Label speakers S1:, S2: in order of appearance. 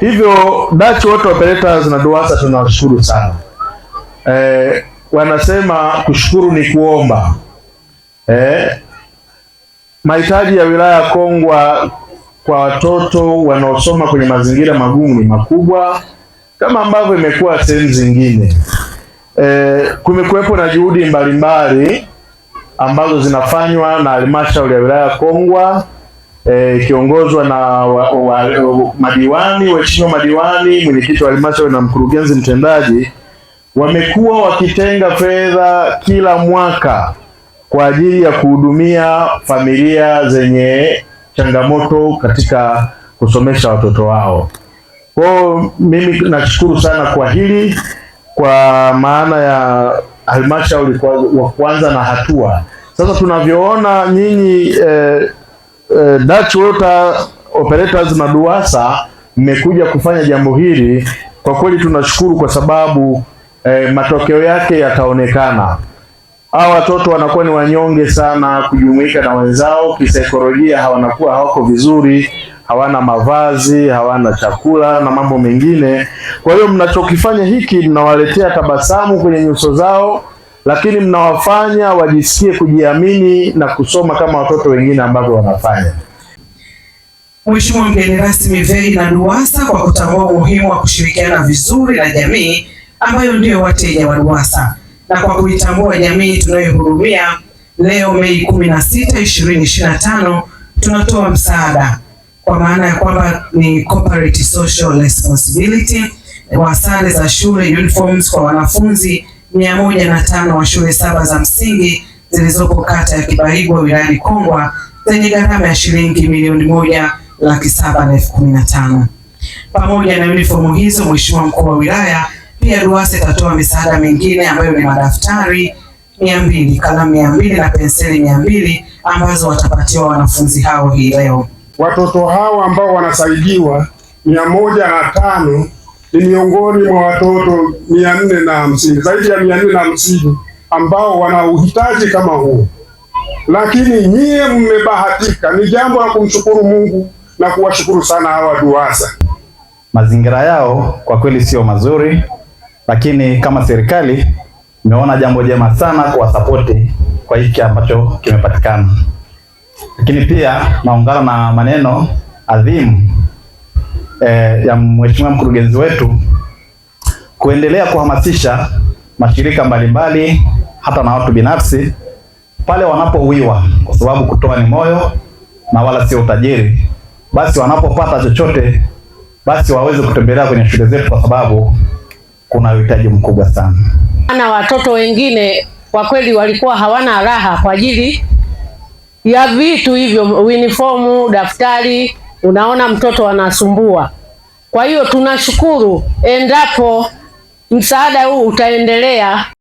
S1: Hivyo Dutch Water Operators na DUWASA tunawashukuru sana. Eh, wanasema kushukuru ni kuomba. Eh, mahitaji ya wilaya ya Kongwa kwa watoto wanaosoma kwenye mazingira magumu ni makubwa kama ambavyo imekuwa sehemu zingine. Eh, kumekuwepo na juhudi mbalimbali ambazo zinafanywa na halmashauri ya wilaya ya Kongwa Eh, ikiongozwa e, na wa, wa, wa, madiwani waheshimiwa madiwani, mwenyekiti wa halmashauri na mkurugenzi mtendaji wamekuwa wakitenga fedha kila mwaka kwa ajili ya kuhudumia familia zenye changamoto katika kusomesha watoto wao. Kwa mimi nashukuru sana kwa hili, kwa maana ya halmashauri kwa kuanza na hatua sasa tunavyoona nyinyi eh, eh, Dutch Water Operators na DUWASA mmekuja kufanya jambo hili, kwa kweli tunashukuru kwa sababu eh, matokeo yake yataonekana. Hawa watoto wanakuwa ni wanyonge sana kujumuika na wenzao kisaikolojia, hawanakuwa hawako vizuri, hawana mavazi, hawana chakula na mambo mengine. Kwa hiyo mnachokifanya hiki, mnawaletea tabasamu kwenye nyuso zao lakini mnawafanya wajisikie kujiamini na kusoma kama watoto wengine ambavyo wanafanya.
S2: Mheshimiwa mgeni rasmi VEI na DUWASA kwa kutambua umuhimu wa kushirikiana vizuri na jamii ambayo ndiyo wateja wa DUWASA na kwa kuitambua jamii tunayohudumia, leo Mei 16, 2025 tunatoa msaada kwa maana ya kwamba ni corporate social responsibility wa sare za shule uniforms kwa wanafunzi mia moja na tano wa shule saba za msingi zilizopo kata ya Kibaigwa wilayani Kongwa zenye gharama ya shilingi milioni moja laki saba na elfu kumi na tano. Pamoja na uniformu hizo, Mheshimiwa mkuu wa wilaya pia RUWASA itatoa misaada mingine ambayo ni madaftari mia mbili, kalamu mia mbili na penseli mia mbili ambazo watapatiwa wanafunzi hao hii leo.
S3: Watoto hao ambao wanasaidiwa mia moja na tano ni miongoni mwa watoto mia nne na hamsini zaidi ya mia nne na hamsini ambao wana uhitaji kama huo lakini nyie mmebahatika. Ni jambo la kumshukuru Mungu na kuwashukuru sana hawa DUWASA.
S1: Mazingira yao kwa kweli sio mazuri, lakini kama serikali imeona jambo jema sana kuwasapoti kwa hiki ambacho kimepatikana, lakini pia naungana na maneno adhimu eh, ya mheshimiwa mkurugenzi wetu kuendelea kuhamasisha mashirika mbalimbali hata na watu binafsi pale wanapowiwa, kwa sababu kutoa ni moyo na wala sio utajiri, basi wanapopata chochote basi waweze kutembelea kwenye shule zetu, kwa sababu kuna uhitaji mkubwa sana.
S4: Na watoto wengine kwa kweli walikuwa hawana raha kwa ajili ya vitu hivyo, uniformu, daftari unaona mtoto anasumbua. Kwa hiyo tunashukuru endapo msaada huu utaendelea